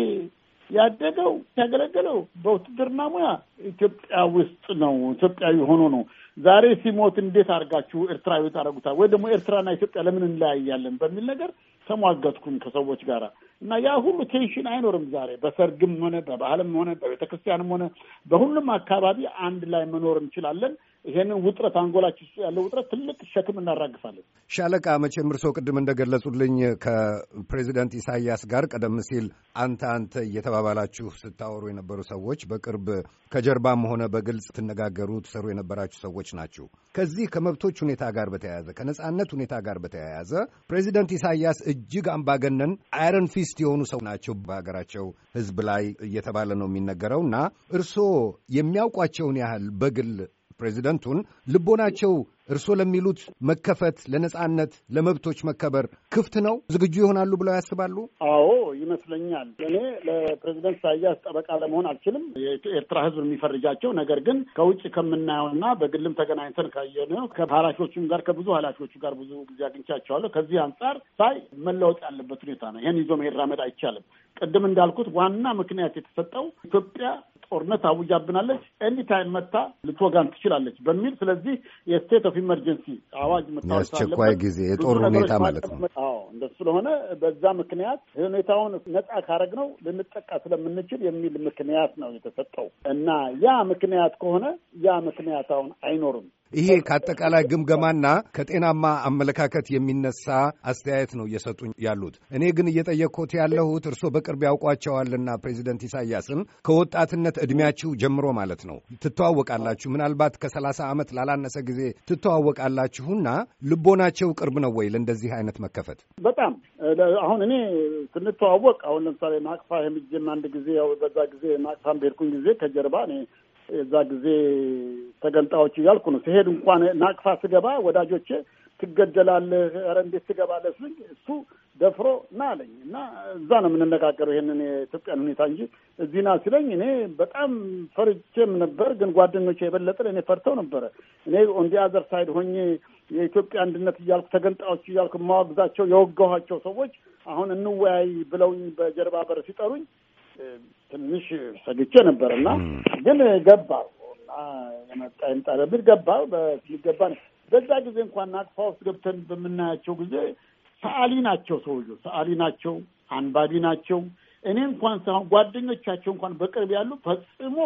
ያደገው ያገለገለው በውትድርና ሙያ ኢትዮጵያ ውስጥ ነው። ኢትዮጵያዊ ሆኖ ነው። ዛሬ ሲሞት እንዴት አድርጋችሁ ኤርትራዊ ታደርጉታል ወይ ደግሞ ኤርትራና ኢትዮጵያ ለምን እንለያያለን በሚል ነገር ተሟገትኩኝ ከሰዎች ጋር እና ያ ሁሉ ቴንሽን አይኖርም። ዛሬ በሰርግም ሆነ በባህልም ሆነ በቤተክርስቲያንም ሆነ በሁሉም አካባቢ አንድ ላይ መኖር እንችላለን። ይሄንን ውጥረት አንጎላች ውስጥ ያለው ውጥረት ትልቅ ሸክም እናራግፋለን። ሻለቃ መቼም እርሶ ቅድም እንደገለጹልኝ ከፕሬዚደንት ኢሳያስ ጋር ቀደም ሲል አንተ አንተ እየተባባላችሁ ስታወሩ የነበሩ ሰዎች በቅርብ ከጀርባም ሆነ በግልጽ ትነጋገሩ ትሰሩ የነበራችሁ ሰዎች ናችሁ። ከዚህ ከመብቶች ሁኔታ ጋር በተያያዘ ከነጻነት ሁኔታ ጋር በተያያዘ ፕሬዚደንት ኢሳያስ እጅግ አምባገነን አይረን ፊስት የሆኑ ሰው ናቸው በሀገራቸው ሕዝብ ላይ እየተባለ ነው የሚነገረው እና እርስዎ የሚያውቋቸውን ያህል በግል ፕሬዚደንቱን ልቦናቸው እርሶ ለሚሉት መከፈት፣ ለነጻነት፣ ለመብቶች መከበር ክፍት ነው፣ ዝግጁ ይሆናሉ ብለው ያስባሉ? አዎ ይመስለኛል። እኔ ለፕሬዚደንት ኢሳያስ ጠበቃ ለመሆን አልችልም። የኤርትራ ህዝብ የሚፈርጃቸው ነገር ግን ከውጭ ከምናየውና በግልም ተገናኝተን ካየነው ከኃላፊዎቹም ጋር ከብዙ ሀላፊዎቹ ጋር ብዙ ጊዜ አግኝቻቸዋለሁ። ከዚህ አንጻር ሳይ መለወጥ ያለበት ሁኔታ ነው። ይህን ይዞ መሄድ ራመድ አይቻልም። ቅድም እንዳልኩት ዋና ምክንያት የተሰጠው ኢትዮጵያ ጦርነት አውጃብናለች፣ ኤኒታይም መታ ልትወጋን ትችላለች በሚል ስለዚህ የስቴት ኦፍ ኢመርጀንሲ አዋጅ የአስቸኳይ ጊዜ የጦር ሁኔታ ማለት ነው። አዎ እንደ ስለሆነ በዛ ምክንያት ሁኔታውን ነጻ ካረግ ነው ልንጠቃ ስለምንችል የሚል ምክንያት ነው የተሰጠው እና ያ ምክንያት ከሆነ ያ ምክንያት አሁን አይኖርም። ይሄ ከአጠቃላይ ግምገማና ከጤናማ አመለካከት የሚነሳ አስተያየት ነው እየሰጡ ያሉት። እኔ ግን እየጠየቅኩት ያለሁት እርስዎ በቅርብ ያውቋቸዋልና ፕሬዚደንት ኢሳያስን ከወጣትነት ዕድሜያችሁ ጀምሮ ማለት ነው ትተዋወቃላችሁ። ምናልባት ከሰላሳ ዓመት ላላነሰ ጊዜ ትተዋወቃላችሁና ልቦናቸው ቅርብ ነው ወይ ለእንደዚህ አይነት መከፈት? በጣም አሁን እኔ ስንተዋወቅ አሁን ለምሳሌ ናቅፋ ሄምጅም አንድ ጊዜ በዛ ጊዜ ናቅፋ ሄድኩኝ ጊዜ ከጀርባ የዛ ጊዜ ተገንጣዎች እያልኩ ነው ሲሄድ እንኳን ናቅፋ ስገባ ወዳጆቼ ትገደላለህ፣ ኧረ እንዴት ትገባለህ እሱ ደፍሮ ና አለኝ እና እዛ ነው የምንነጋገረው ይሄንን የኢትዮጵያን ሁኔታ እንጂ እዚህ ና ሲለኝ እኔ በጣም ፈርቼም ነበር፣ ግን ጓደኞች የበለጠ እኔ ፈርተው ነበረ። እኔ ኦንዲ አዘር ሳይድ ሆኜ የኢትዮጵያ አንድነት እያልኩ ተገንጣዮች እያልኩ የማወግዛቸው የወገኋቸው ሰዎች አሁን እንወያይ ብለውኝ በጀርባ በር ሲጠሩኝ ትንሽ ሰግቼ ነበር እና ግን ገባው እና የመጣ ይምጣ በሚል ገባው በሚገባ ነው። በዛ ጊዜ እንኳን ናቅፋ ውስጥ ገብተን በምናያቸው ጊዜ ሰዓሊ ናቸው፣ ሰውዬ ሰዓሊ ናቸው፣ አንባቢ ናቸው። እኔ እንኳን ሳይሆን ጓደኞቻቸው እንኳን በቅርብ ያሉ ፈጽሞ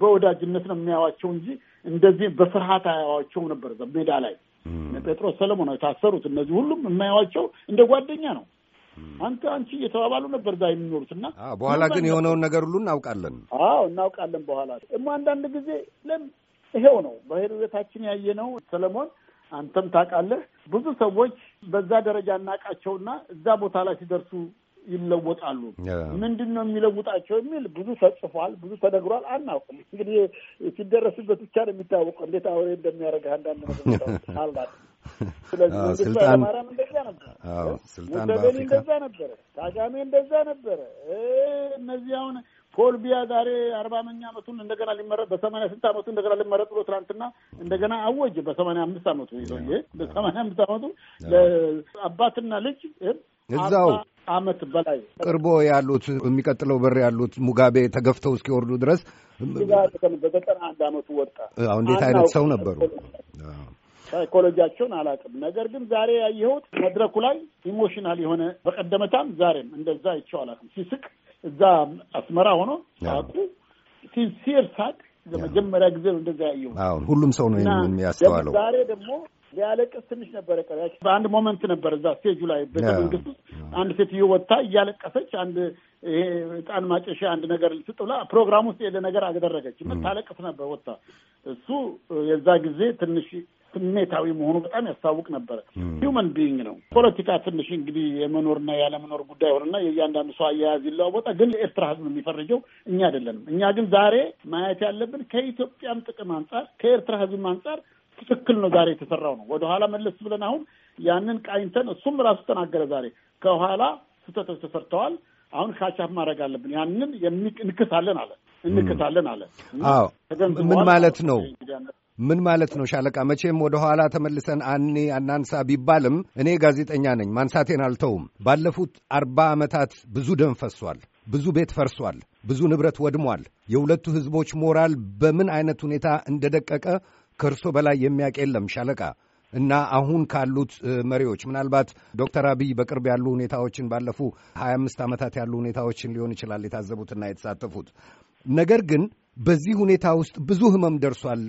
በወዳጅነት ነው የሚያዋቸው እንጂ እንደዚህ በፍርሃት አያዋቸው ነበር ሜዳ ላይ ጴጥሮስ ሰለሞን የታሰሩት እነዚህ ሁሉም የማያዋቸው እንደ ጓደኛ ነው። አንተ አንቺ እየተባባሉ ነበር እዛ የሚኖሩት እና በኋላ ግን የሆነውን ነገር ሁሉ እናውቃለን። አዎ እናውቃለን። በኋላ እማ አንዳንድ ጊዜ ለም ይሄው ነው በህይወታችን ያየነው ሰለሞን፣ አንተም ታውቃለህ። ብዙ ሰዎች በዛ ደረጃ እናውቃቸውና እዛ ቦታ ላይ ሲደርሱ ይለወጣሉ። ምንድን ነው የሚለውጣቸው የሚል ብዙ ተጽፏል፣ ብዙ ተነግሯል። አናውቅም እንግዲህ ሲደረስበት ብቻ ነው የሚታወቀው እንዴት አውሬ እንደሚያደርግህ አንዳንድ ነገር አላት ስለዚህ ስልጣን ኃይለማርያም እንደዛ ነበረ፣ ሙሰቬኒ እንደዛ ነበረ፣ ካጋሜ እንደዛ ነበረ። እነዚህ አሁን ፖል ቢያ ዛሬ አርባ አርባመኛ አመቱን እንደገና ሊመረጥ በሰማንያ ስንት አመቱ እንደገና ሊመረጥ ብሎ ትናንትና እንደገና አወጀ። በሰማንያ አምስት አመቱ ይሄ በሰማንያ አምስት አመቱ አባትና ልጅ እዛው አመት በላይ ቅርቦ ያሉት የሚቀጥለው በር ያሉት ሙጋቤ ተገፍተው እስኪወርዱ ድረስ በዘጠና አንድ አመቱ ወጣ። አሁ እንዴት አይነት ሰው ነበሩ! ሳይኮሎጂያቸውን አላውቅም። ነገር ግን ዛሬ ያየሁት መድረኩ ላይ ኢሞሽናል የሆነ በቀደመታም ዛሬም እንደዛ አይቼው አላውቅም። ሲስቅ እዛ አስመራ ሆኖ ሳቁ፣ ሲንሲር ሳቅ ለመጀመሪያ ጊዜ ነው እንደዛ ያየሁት። ሁሉም ሰው ነው የሚያስተዋለው። ዛሬ ደግሞ ሊያለቅስ ትንሽ ነበረ ቀረ። በአንድ ሞመንት ነበር እዛ ስቴጁ ላይ ቤተ መንግስት ውስጥ አንድ ሴትዮ ወጥታ እያለቀሰች አንድ ይሄ ዕጣን ማጨሻ አንድ ነገር ልስጥ ብላ ፕሮግራም ውስጥ የለ ነገር አደረገች። ታለቅስ ነበር ወጥታ። እሱ የዛ ጊዜ ትንሽ ስሜታዊ መሆኑ በጣም ያስታውቅ ነበረ። ሂውመን ቢይንግ ነው። ፖለቲካ ትንሽ እንግዲህ የመኖርና ያለመኖር ጉዳይ ሆነና የእያንዳንዱ ሰው አያያዝ ይለዋወጣ። ግን ለኤርትራ ህዝብ የሚፈርጀው እኛ አይደለንም። እኛ ግን ዛሬ ማየት ያለብን ከኢትዮጵያም ጥቅም አንጻር ከኤርትራ ህዝብም አንጻር ትክክል ነው ዛሬ የተሰራው ነው። ወደኋላ መለስ ብለን አሁን ያንን ቃኝተን እሱም ራሱ ተናገረ ዛሬ ከኋላ ስህተቶች ተሰርተዋል። አሁን ካቻፍ ማድረግ አለብን። ያንን እንክሳለን አለ እንክሳለን አለ። ምን ማለት ነው? ምን ማለት ነው ሻለቃ? መቼም ወደ ኋላ ተመልሰን አኔ አናንሳ ቢባልም እኔ ጋዜጠኛ ነኝ፣ ማንሳቴን አልተውም። ባለፉት አርባ ዓመታት ብዙ ደም ፈሷል፣ ብዙ ቤት ፈርሷል፣ ብዙ ንብረት ወድሟል። የሁለቱ ሕዝቦች ሞራል በምን አይነት ሁኔታ እንደደቀቀ ከእርሶ በላይ የሚያውቅ የለም ሻለቃ። እና አሁን ካሉት መሪዎች ምናልባት ዶክተር አብይ በቅርብ ያሉ ሁኔታዎችን ባለፉ ሀያ አምስት ዓመታት ያሉ ሁኔታዎችን ሊሆን ይችላል የታዘቡትና የተሳተፉት ነገር ግን በዚህ ሁኔታ ውስጥ ብዙ ህመም ደርሷል።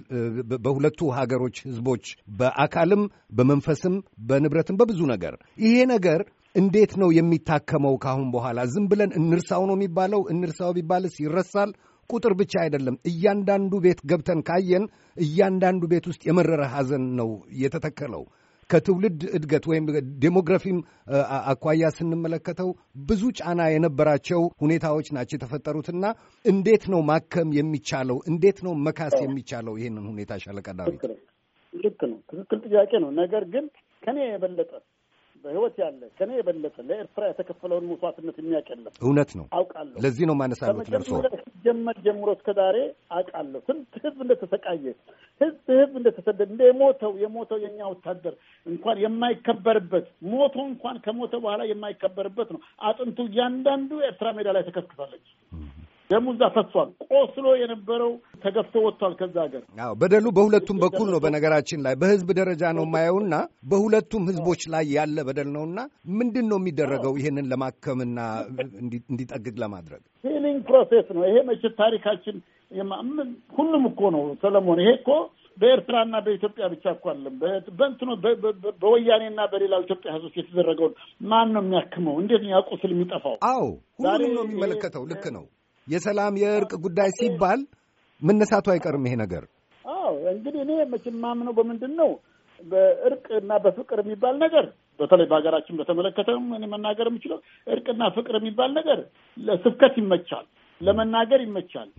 በሁለቱ ሀገሮች ህዝቦች በአካልም በመንፈስም በንብረትም በብዙ ነገር ይሄ ነገር እንዴት ነው የሚታከመው? ካሁን በኋላ ዝም ብለን እንርሳው ነው የሚባለው? እንርሳው ቢባልስ ይረሳል? ቁጥር ብቻ አይደለም። እያንዳንዱ ቤት ገብተን ካየን እያንዳንዱ ቤት ውስጥ የመረረ ሐዘን ነው የተተከለው። ከትውልድ እድገት ወይም ዴሞግራፊም አኳያ ስንመለከተው ብዙ ጫና የነበራቸው ሁኔታዎች ናቸው የተፈጠሩትና እንዴት ነው ማከም የሚቻለው? እንዴት ነው መካስ የሚቻለው ይህንን ሁኔታ? ሻለቃ ዳዊት፣ ልክ ነው፣ ትክክል ጥያቄ ነው። ነገር ግን ከኔ የበለጠ በህይወት ያለ ከኔ የበለጠ ለኤርትራ የተከፈለውን መስዋዕትነት የሚያውቅ የለም። እውነት ነው፣ አውቃለሁ። ለዚህ ነው ማነሳሉት ለርሶ ጀመር ጀምሮ እስከ ዛሬ አውቃለሁ። ስንት ህዝብ እንደተሰቃየ፣ ህዝብ ህዝብ እንደተሰደደ፣ እንደ የሞተው የሞተው የኛ ወታደር እንኳን የማይከበርበት ሞቶ እንኳን ከሞተ በኋላ የማይከበርበት ነው። አጥንቱ እያንዳንዱ ኤርትራ ሜዳ ላይ ተከስክሳለች። ደሙን እዛ ፈሷል። ቆስሎ የነበረው ተገፍቶ ወጥቷል ከዛ ሀገር። አዎ በደሉ በሁለቱም በኩል ነው። በነገራችን ላይ በህዝብ ደረጃ ነው የማየውና በሁለቱም ህዝቦች ላይ ያለ በደል ነውና ምንድን ነው የሚደረገው ይህንን ለማከምና እንዲጠግግ ለማድረግ ሂሊንግ ፕሮሴስ ነው ይሄ። መቼ ታሪካችን ሁሉም እኮ ነው ሰለሞን። ይሄ እኮ በኤርትራና በኢትዮጵያ ብቻ እኮ አለም በእንትኖ በወያኔና በሌላው ኢትዮጵያ ህዝቦች የተደረገውን ማን ነው የሚያክመው? እንዴት ነው ያቁስል የሚጠፋው? አዎ ሁሉም ነው የሚመለከተው። ልክ ነው። የሰላም የእርቅ ጉዳይ ሲባል መነሳቱ አይቀርም ይሄ ነገር። አዎ እንግዲህ እኔ መቼም ማምነው በምንድን ነው በእርቅ እና በፍቅር የሚባል ነገር በተለይ በሀገራችን እኔ መናገር የምችለው እርቅና ፍቅር የሚባል ነገር ለስብከት ይመቻል፣ ለመናገር ይመቻል።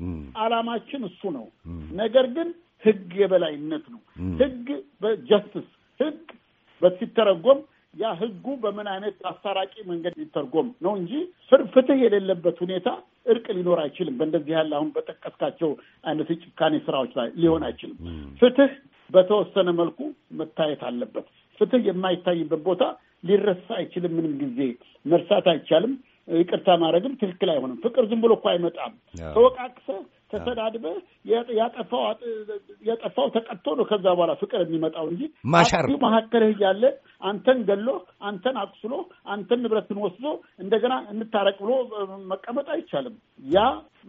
አላማችን እሱ ነው። ነገር ግን ህግ የበላይነት ነው። ህግ በጀስትስ ህግ ሲተረጎም ያ ህጉ በምን አይነት አስታራቂ መንገድ ሲተርጎም ነው እንጂ ፍትህ የሌለበት ሁኔታ እርቅ ሊኖር አይችልም። በእንደዚህ ያለ አሁን በጠቀስካቸው አይነት የጭካኔ ስራዎች ላይ ሊሆን አይችልም። ፍትህ በተወሰነ መልኩ መታየት አለበት። ፍትህ የማይታይበት ቦታ ሊረሳ አይችልም። ምንም ጊዜ መርሳት አይቻልም። ይቅርታ ማድረግም ትክክል አይሆንም። ፍቅር ዝም ብሎ እኮ አይመጣም። ተወቃቅሰ ተሰዳድበህ የጠፋው ተቀጥቶ ነው ከዛ በኋላ ፍቅር የሚመጣው እንጂ ማሻር መካከልህ እያለ አንተን ገሎ አንተን አቁስሎ አንተን ንብረትን ወስዶ እንደገና እንታረቅ ብሎ መቀመጥ አይቻልም። ያ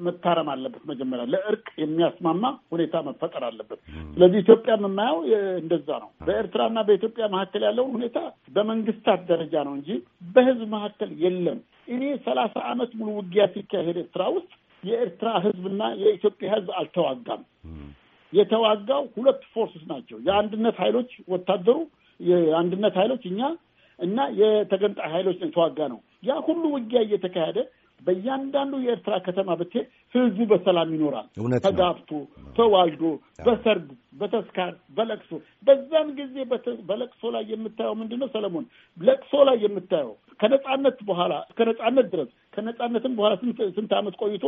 መታረም አለበት። መጀመሪያ ለእርቅ የሚያስማማ ሁኔታ መፈጠር አለበት። ስለዚህ ኢትዮጵያ የምናየው እንደዛ ነው። በኤርትራና በኢትዮጵያ መካከል ያለውን ሁኔታ በመንግስታት ደረጃ ነው እንጂ በህዝብ መካከል የለም። እኔ ሰላሳ አመት ሙሉ ውጊያ ሲካሄድ ኤርትራ ውስጥ የኤርትራ ህዝብና የኢትዮጵያ ህዝብ አልተዋጋም። የተዋጋው ሁለት ፎርስስ ናቸው። የአንድነት ኃይሎች ወታደሩ፣ የአንድነት ኃይሎች እኛ እና የተገንጣይ ኃይሎች የተዋጋ ነው። ያ ሁሉ ውጊያ እየተካሄደ በእያንዳንዱ የኤርትራ ከተማ ብትሄድ ህዝቡ በሰላም ይኖራል። ተጋብቶ ተዋልዶ፣ በሰርግ፣ በተስካር፣ በለቅሶ በዛን ጊዜ በለቅሶ ላይ የምታየው ምንድን ነው ሰለሞን? ለቅሶ ላይ የምታየው ከነጻነት በኋላ እስከ ነጻነት ድረስ ከነጻነትም በኋላ ስንት ዓመት ቆይቶ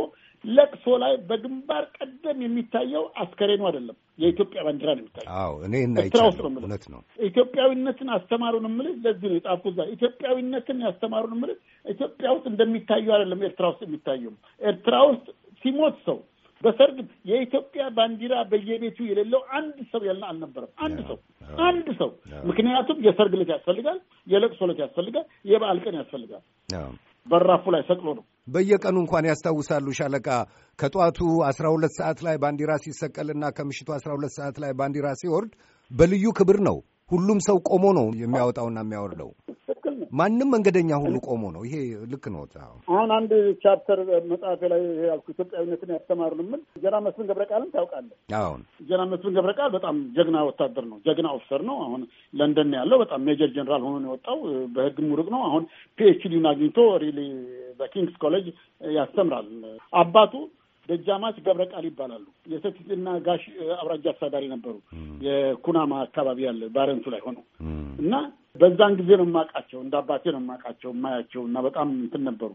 ለቅሶ ላይ በግንባር ቀደም የሚታየው አስከሬኑ አይደለም፣ የኢትዮጵያ ባንዲራ ነው የሚታየው። አዎ እኔ ኤርትራ ውስጥ ነው እውነት ነው። ኢትዮጵያዊነትን አስተማሩን የምልህ ለዚህ ነው የጻፍኩት። እዛ ኢትዮጵያዊነትን ያስተማሩን የምልህ ኢትዮጵያ ውስጥ እንደሚታየው አይደለም ኤርትራ ውስጥ የሚታየው። ኤርትራ ውስጥ ሲሞት ሰው በሰርግ የኢትዮጵያ ባንዲራ በየቤቱ የሌለው አንድ ሰው ያለ አልነበረም። አንድ ሰው አንድ ሰው። ምክንያቱም የሰርግ ዕለት ያስፈልጋል፣ የለቅሶ ዕለት ያስፈልጋል፣ የበዓል ቀን ያስፈልጋል። በራፉ ላይ ሰቅሎ ነው። በየቀኑ እንኳን ያስታውሳሉ ሻለቃ ከጧቱ አስራ ሁለት ሰዓት ላይ ባንዲራ ሲሰቀልና ከምሽቱ አስራ ሁለት ሰዓት ላይ ባንዲራ ሲወርድ በልዩ ክብር ነው። ሁሉም ሰው ቆሞ ነው የሚያወጣውና የሚያወርደው። ማንም መንገደኛ ሁሉ ቆሞ ነው። ይሄ ልክ ነው። አሁን አንድ ቻፕተር መጽሐፌ ላይ ያልኩ ኢትዮጵያዊነትን ያስተማሩን ምን ጀነራል መስፍን ገብረቃልን ታውቃለህ? አሁን ጀነራል መስፍን ቃል በጣም ጀግና ወታደር ነው። ጀግና ኦፊሰር ነው። አሁን ለንደን ያለው በጣም ሜጀር ጀነራል ሆኖ ነው የወጣው። በህግ ምሩቅ ነው። አሁን ፒኤችዲን አግኝቶ ሪሊ በኪንግስ ኮሌጅ ያስተምራል። አባቱ ደጃማች ገብረ ቃል ይባላሉ። የሰቲትና ጋሽ አብራጃ አስተዳዳሪ ነበሩ። የኩናማ አካባቢ ያለ ባረንቱ ላይ ሆነው እና በዛን ጊዜ ነው የማውቃቸው፣ እንደ አባቴ ነው የማውቃቸው የማያቸው እና በጣም እንትን ነበሩ።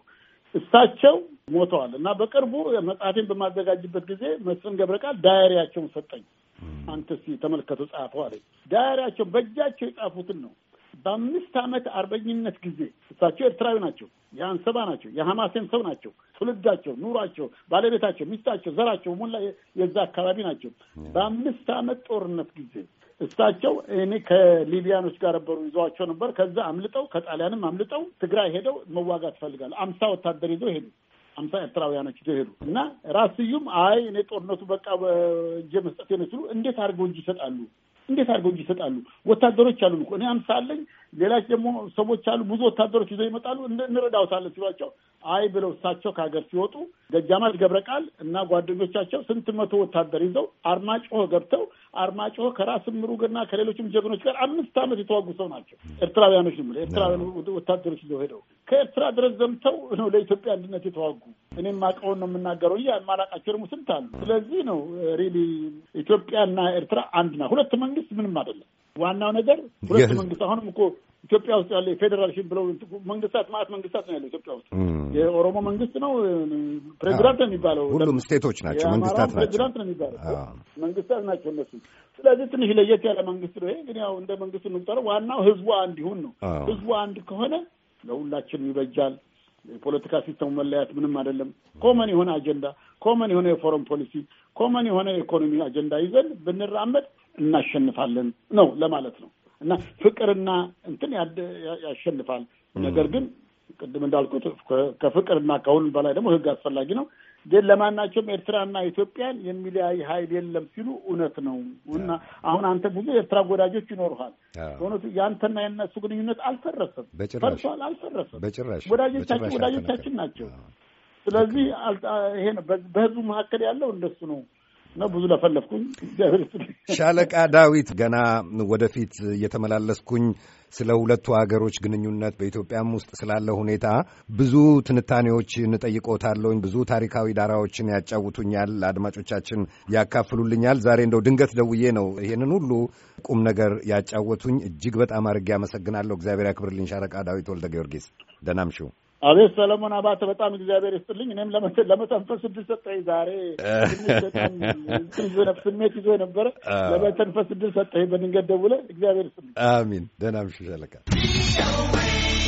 እሳቸው ሞተዋል እና በቅርቡ መጽሐፌን በማዘጋጅበት ጊዜ መስፍን ገብረቃል ዳያሪያቸውን ሰጠኝ። አንተ እስኪ ተመልከተው ጻፈው አለ። ዳያሪያቸው በእጃቸው የጻፉትን ነው። በአምስት ዓመት አርበኝነት ጊዜ እሳቸው ኤርትራዊ ናቸው፣ የአንሰባ ናቸው፣ የሐማሴን ሰው ናቸው። ትውልዳቸው፣ ኑሯቸው፣ ባለቤታቸው፣ ሚስታቸው፣ ዘራቸው ሞላ የዛ አካባቢ ናቸው። በአምስት ዓመት ጦርነት ጊዜ እሳቸው እኔ ከሊቢያኖች ጋር ነበሩ ይዘዋቸው ነበር። ከዛ አምልጠው ከጣሊያንም አምልጠው ትግራይ ሄደው መዋጋት ፈልጋል አምሳ ወታደር ይዘው ሄዱ። አምሳ ኤርትራውያኖች ይዘው ሄዱ እና ራስዩም አይ እኔ ጦርነቱ በቃ እጄ መስጠት ነው ሲሉ እንዴት አድርገው እጅ ይሰጣሉ? እንዴት አድርገው እጅ ይሰጣሉ? ወታደሮች አሉ እኔ አምሳ አለኝ፣ ሌላች ደግሞ ሰዎች አሉ፣ ብዙ ወታደሮች ይዘው ይመጣሉ፣ እንረዳውታለን ሲሏቸው አይ ብለው እሳቸው ከሀገር ሲወጡ ገጃማት ገብረ ቃል እና ጓደኞቻቸው ስንት መቶ ወታደር ይዘው አርማጭሆ ገብተው አርማጭሆ ከራስ ምሩግና ከሌሎችም ጀግኖች ጋር አምስት ዓመት የተዋጉ ሰው ናቸው። ኤርትራውያኖች ነው ኤርትራውያን ወታደሮች ይዘው ሄደው ከኤርትራ ድረስ ዘምተው ነው ለኢትዮጵያ አንድነት የተዋጉ። እኔም አቀውን ነው የምናገረው እ የማላውቃቸው ደግሞ ስንት አሉ። ስለዚህ ነው ሪሊ ኢትዮጵያና ኤርትራ አንድና ሁለት መንግስት ምንም አይደለም። ዋናው ነገር ሁለት መንግስት አሁንም እኮ ኢትዮጵያ ውስጥ ያለ የፌዴራልሽን ብለው መንግስታት ማለት መንግስታት ነው ያለው ኢትዮጵያ ውስጥ የኦሮሞ መንግስት ነው ፕሬዚዳንት ነው የሚባለው። ሁሉም ስቴቶች ናቸው መንግስታት ናቸው ፕሬዚዳንት ነው የሚባለው መንግስታት ናቸው እነሱ። ስለዚህ ትንሽ ለየት ያለ መንግስት ነው ይሄ። ግን ያው እንደ መንግስት የምንጠረው ዋናው ህዝቡ አንድ ይሁን ነው። ህዝቡ አንድ ከሆነ ለሁላችንም ይበጃል። የፖለቲካ ሲስተሙ መለያት ምንም አይደለም። ኮመን የሆነ አጀንዳ፣ ኮመን የሆነ የፎረን ፖሊሲ፣ ኮመን የሆነ የኢኮኖሚ አጀንዳ ይዘን ብንራመድ እናሸንፋለን ነው ለማለት ነው። እና ፍቅርና እንትን ያሸንፋል። ነገር ግን ቅድም እንዳልኩት ከፍቅርና ከሁሉም በላይ ደግሞ ህግ አስፈላጊ ነው። ግን ለማናቸውም ኤርትራና ኢትዮጵያን የሚለያይ ሀይል የለም ሲሉ እውነት ነው። እና አሁን አንተ ብዙ ኤርትራ ወዳጆች ይኖርሃል። በእውነቱ የአንተና የነሱ ግንኙነት አልፈረሰም፣ ፈርሷል፣ አልፈረሰም። ወዳጆቻችን ወዳጆቻችን ናቸው። ስለዚህ ይሄ ነው በህዝቡ መካከል ያለው እንደሱ ነው። ነው። ብዙ ለፈለፍኩኝ። እግዚአብሔር ሻለቃ ዳዊት ገና ወደፊት እየተመላለስኩኝ ስለ ሁለቱ ሀገሮች ግንኙነት በኢትዮጵያም ውስጥ ስላለ ሁኔታ ብዙ ትንታኔዎች እንጠይቆታለውኝ። ብዙ ታሪካዊ ዳራዎችን ያጫውቱኛል፣ አድማጮቻችን ያካፍሉልኛል። ዛሬ እንደው ድንገት ደውዬ ነው ይሄንን ሁሉ ቁም ነገር ያጫወቱኝ። እጅግ በጣም አድርጌ አመሰግናለሁ። እግዚአብሔር ያክብርልኝ ሻለቃ ዳዊት ወልደ ጊዮርጊስ። ደናምሹ አቤት ሰለሞን አባተ በጣም እግዚአብሔር ይስጥልኝ። እኔም ለመተንፈስ እድል ሰጠኝ ዛሬ ስሜት ይዞ የነበረ ለመተንፈስ እድል ሰጠኝ። በድንገት ደውለህ እግዚአብሔር ይስጥልኝ። አሚን። ደህና ምሽት ሻለቃ